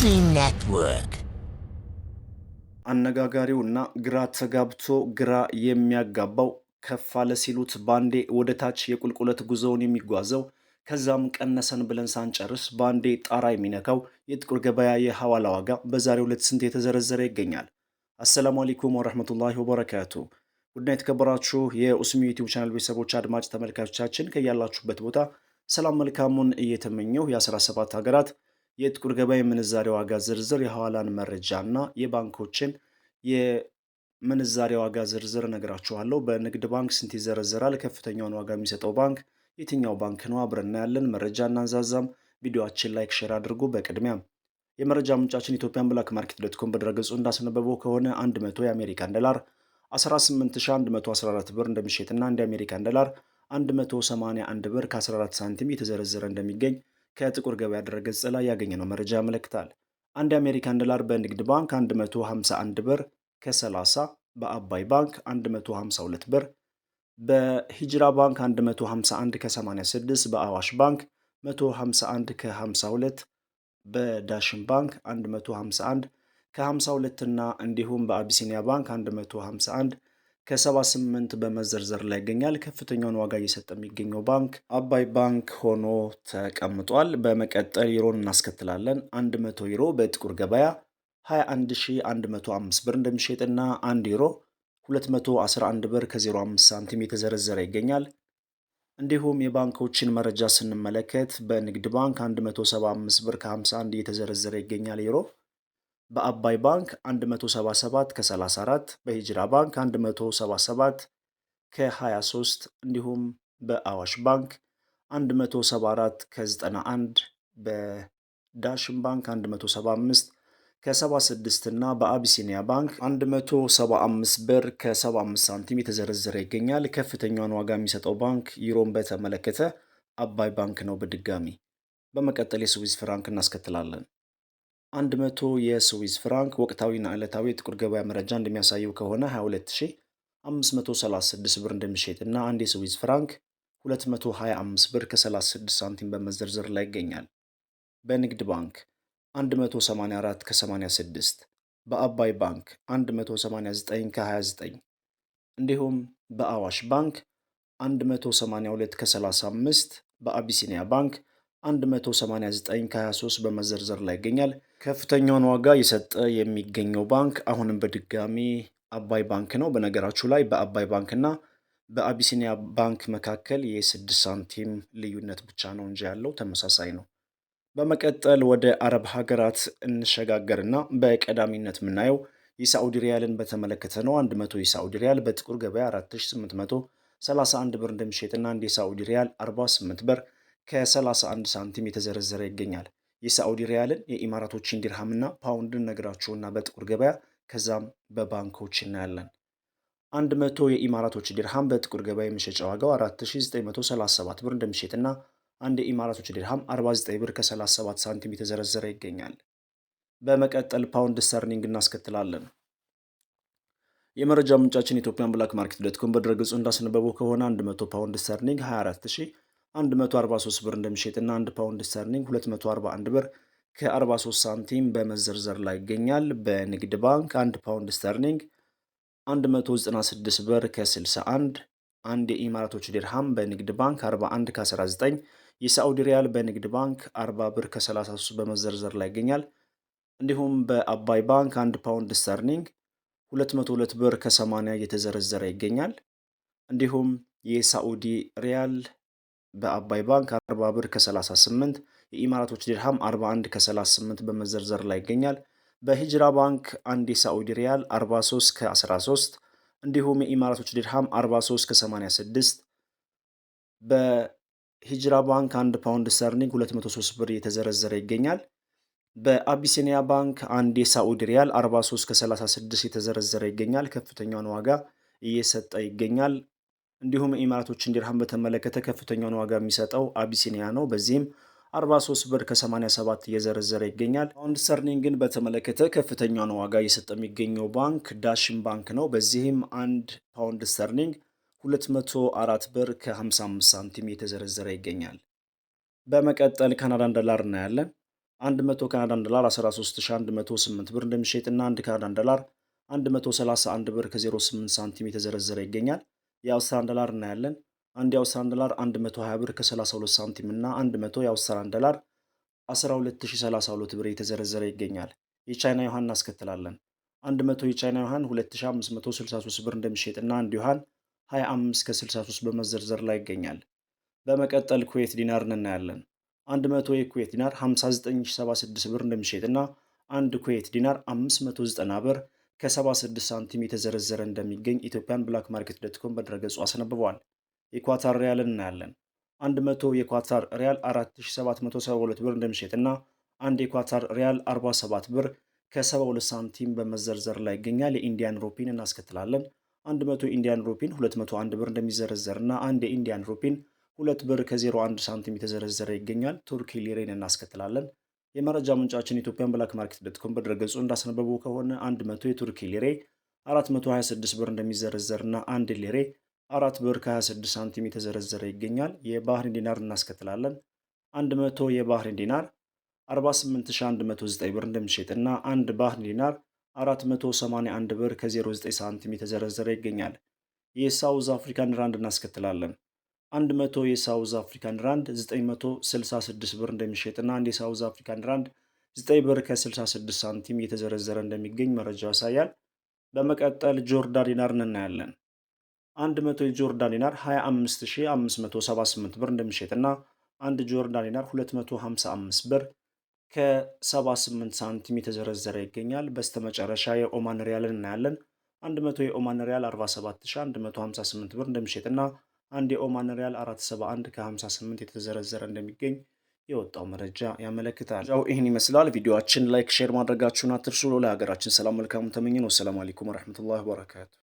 ሲ ኔትወርክ አነጋጋሪውና ግራ ተጋብቶ ግራ የሚያጋባው ከፍ አለ ሲሉት ባንዴ ወደ ታች የቁልቁለት ጉዞውን የሚጓዘው ከዛም ቀነሰን ብለን ሳንጨርስ ባንዴ ጣራ የሚነካው የጥቁር ገበያ የሐዋላ ዋጋ በዛሬው ዕለት ስንት የተዘረዘረ ይገኛል? አሰላሙ አለይኩም ወረህመቱላሂ ወበረካቱ። ውድና የተከበራችሁ የኡስሚ ዩቲዩብ ቻናል ቤተሰቦች አድማጭ ተመልካቾቻችን ከያላችሁበት ቦታ ሰላም መልካሙን እየተመኘው የ17 ሀገራት የጥቁር ገበያ የምንዛሬ ዋጋ ዝርዝር የሐዋላን መረጃና የባንኮችን የምንዛሬ ዋጋ ዝርዝር እነግራችኋለሁ። በንግድ ባንክ ስንት ይዘረዝራል? ከፍተኛውን ዋጋ የሚሰጠው ባንክ የትኛው ባንክ ነው? አብረና ያለን መረጃ እናንዛዛም። ቪዲዮችን ላይክ፣ ሼር አድርጉ። በቅድሚያ የመረጃ ምንጫችን ኢትዮጵያን ብላክ ማርኬት ዶትኮም በድረገጹ እንዳስነበበው ከሆነ 100 የአሜሪካን ዶላር 18114 ብር እንደሚሸጥና እንደ አሜሪካን ዶላር 181 ብር ከ14 ሳንቲም የተዘረዘረ እንደሚገኝ ከጥቁር ገበያ ድረገጽ ላይ ያገኘነው መረጃ ያመለክታል። አንድ የአሜሪካን ዶላር በንግድ ባንክ 151 ብር ከ30፣ በአባይ ባንክ 152 ብር፣ በሂጅራ ባንክ 151 ከ86፣ በአዋሽ ባንክ 151 ከ52፣ በዳሽን ባንክ 151 ከ52 እና እንዲሁም በአቢሲኒያ ባንክ 151 ከ78 በመዘርዘር ላይ ይገኛል። ከፍተኛውን ዋጋ እየሰጠ የሚገኘው ባንክ አባይ ባንክ ሆኖ ተቀምጧል። በመቀጠል ዩሮን እናስከትላለን። 100 ዩሮ በጥቁር ገበያ 21105 ብር እንደሚሸጥና 1 ዩሮ 211 ብር ከ05 ሳንቲም የተዘረዘረ ይገኛል። እንዲሁም የባንኮችን መረጃ ስንመለከት በንግድ ባንክ 175 ብር ከ51 እየተዘረዘረ ይገኛል ዩሮ በአባይ ባንክ 177 ከ34 በሂጅራ ባንክ 177 ከ23 እንዲሁም በአዋሽ ባንክ 174 ከ91 በዳሽን ባንክ 175 ከ76 እና በአቢሲኒያ ባንክ 175 ብር ከ75 ሳንቲም የተዘረዘረ ይገኛል። ከፍተኛውን ዋጋ የሚሰጠው ባንክ ዩሮን በተመለከተ አባይ ባንክ ነው። በድጋሚ በመቀጠል የስዊዝ ፍራንክ እናስከትላለን። አንድ መቶ የስዊዝ ፍራንክ ወቅታዊና ዕለታዊ የጥቁር ገበያ መረጃ እንደሚያሳየው ከሆነ 22536 ብር እንደሚሸጥ እና አንድ የስዊዝ ፍራንክ 225 ብር ከ36 ሳንቲም በመዘርዘር ላይ ይገኛል። በንግድ ባንክ 184 ከ86 በአባይ ባንክ 189 ከ29 እንዲሁም በአዋሽ ባንክ 182 ከ35 በአቢሲኒያ ባንክ 189 ከ23 በመዘርዘር ላይ ይገኛል። ከፍተኛውን ዋጋ እየሰጠ የሚገኘው ባንክ አሁንም በድጋሚ አባይ ባንክ ነው። በነገራችሁ ላይ በአባይ ባንክ በአቢሲኒያ ባንክ መካከል የስድስት ሳንቲም ልዩነት ብቻ ነው እንጂ ያለው ተመሳሳይ ነው። በመቀጠል ወደ አረብ ሀገራት እንሸጋገርና በቀዳሚነት የምናየው የሳዑዲ ሪያልን በተመለከተ ነው። 100 የሳዑዲ ሪያል በጥቁር ገበያ 4831 ብር እንደሚሸጥና አንድ የሳዑዲ ሪያል 48 ብር ከ31 ሳንቲም የተዘረዘረ ይገኛል። የሳዑዲ ሪያልን የኢማራቶችን ዲርሃምና ፓውንድን ነግራችሁና በጥቁር ገበያ ከዛም በባንኮች እናያለን። አንድ መቶ የኢማራቶች ዲርሃም በጥቁር ገበያ የመሸጫ ዋጋው 4937 ብር እንደሚሸጥና አንድ የኢማራቶች ዲርሃም 49 ብር ከ37 ሳንቲም የተዘረዘረ ይገኛል። በመቀጠል ፓውንድ ስተርሊንግ እናስከትላለን። የመረጃ ምንጫችን ኢትዮጵያን ብላክ ማርኬት ዶት ኮም በድረገጹ እንዳስነበበው ከሆነ 100 ፓውንድ ስተርሊንግ 24000 143 ብር እንደሚሸጥና አንድ ፓውንድ ስተርሊንግ 241 ብር ከ43 ሳንቲም በመዘርዘር ላይ ይገኛል። በንግድ ባንክ አንድ ፓውንድ ስተርሊንግ 196 ብር ከ61 አንድ የኢማራቶች ዲርሃም በንግድ ባንክ 41 ከ19 የሳዑዲ ሪያል በንግድ ባንክ 40 ብር ከ33 በመዘርዘር ላይ ይገኛል። እንዲሁም በአባይ ባንክ አንድ ፓውንድ ስተርሊንግ 202 ብር ከ80 እየተዘረዘረ ይገኛል። እንዲሁም የሳዑዲ ሪያል በአባይ ባንክ 40 ብር ከ38 የኢማራቶች ዲርሃም 41 ከ38 በመዘርዘር ላይ ይገኛል። በሂጅራ ባንክ አንድ የሳዑዲ ሪያል 43 ከ13 እንዲሁም የኢማራቶች ዲርሃም 43 ከ86 በሂጅራ ባንክ 1 ፓውንድ ሰርኒግ 203 ብር የተዘረዘረ ይገኛል። በአቢሲኒያ ባንክ አንድ የሳዑዲ ሪያል 43 ከ36 የተዘረዘረ ይገኛል። ከፍተኛውን ዋጋ እየሰጠ ይገኛል። እንዲሁም ኢማራቶችን ዲርሃም በተመለከተ ከፍተኛውን ዋጋ የሚሰጠው አቢሲኒያ ነው። በዚህም 43 ብር ከ87 እየዘረዘረ ይገኛል። ፓውንድ ስተርሊንግን በተመለከተ ከፍተኛውን ዋጋ እየሰጠ የሚገኘው ባንክ ዳሽን ባንክ ነው። በዚህም አንድ ፓውንድ ሰርኒንግ 204 ብር ከ55 ሳንቲም እየተዘረዘረ ይገኛል። በመቀጠል ካናዳን ዶላር እናያለን። 100 ካናዳን ዶላር 13108 ብር እንደሚሸጥና 1 ካናዳን ዶላር 131 ብር ከ08 ሳንቲም የተዘረዘረ ይገኛል። የአውስትራን ዶላር እናያለን። አንድ የአውስትራን ዶላር 120 ብር ከ32 ሳንቲም እና 100 የአውስትራን ዶላር 12032 ብር የተዘረዘረ ይገኛል። የቻይና ዮሐን እናስከትላለን። 100 የቻይና ዮሐን 2563 ብር እንደሚሸጥና አንድ ዮሐን 25 ከ63 በመዘርዘር ላይ ይገኛል። በመቀጠል ኩዌት ዲናር እናያለን። 100 የኩዌት ዲናር 59076 ብር እና አንድ ኩዌት ዲናር 590 ብር ከ76 ሳንቲም የተዘረዘረ እንደሚገኝ ኢትዮጵያን ብላክ ማርኬት ዶትኮም በድረገጹ አስነብቧል። የኳታር ሪያልን እናያለን። 100 የኳታር ሪያል 4772 ብር እንደሚሸጥ እና አንድ የኳታር ሪያል 47 ብር ከ72 ሳንቲም በመዘርዘር ላይ ይገኛል። የኢንዲያን ሩፒን እናስከትላለን። 100 ኢንዲያን ሩፒን 201 ብር እንደሚዘረዘርና አንድ የኢንዲያን ሩፒን 2 ብር ከ01 ሳንቲም የተዘረዘረ ይገኛል። ቱርኪ ሊሬን እናስከትላለን። የመረጃ ምንጫችን ኢትዮጵያን ብላክ ማርኬት ዶትኮም በድረገጹ እንዳስነበቡ ከሆነ 100 የቱርኪ ሊሬ 426 ብር እንደሚዘረዘርና 1 ሊሬ 4 ብር ከ26 ሳንቲም የተዘረዘረ ይገኛል። የባህሪን ዲናር እናስከትላለን። 100 የባህሪን ዲናር 48109 ብር እንደሚሸጥና 1 ባህሪን ዲናር 481 ብር ከ09 ሳንቲም የተዘረዘረ ይገኛል። የሳውዝ አፍሪካን ራንድ እናስከትላለን። 100 የሳውዝ አፍሪካን ራንድ 966 ብር እንደሚሸጥና አንድ የሳውዝ አፍሪካን ራንድ 9 ብር ከ66 ሳንቲም እየተዘረዘረ እንደሚገኝ መረጃው ያሳያል። በመቀጠል ጆርዳን ዲናር እናያለን። 100 የጆርዳን ዲናር 25578 ብር እንደሚሸጥና አንድ ጆርዳን ዲናር 255 ብር ከ78 ሳንቲም የተዘረዘረ ይገኛል። በስተመጨረሻ የኦማን ሪያልን እናያለን። 100 የኦማን ሪያል 47158 ብር እንደሚሸጥና አንድ የኦማን ሪያል 471 ከ58 የተዘረዘረ እንደሚገኝ የወጣው መረጃ ያመለክታል። ው ይህን ይመስላል። ቪዲዮችን ላይክ፣ ሼር ማድረጋችሁን አትርሱ። ለሀገራችን ሰላም መልካሙ ተመኘን። ወሰላም አለይኩም ወረህመቱላህ ወበረካቱ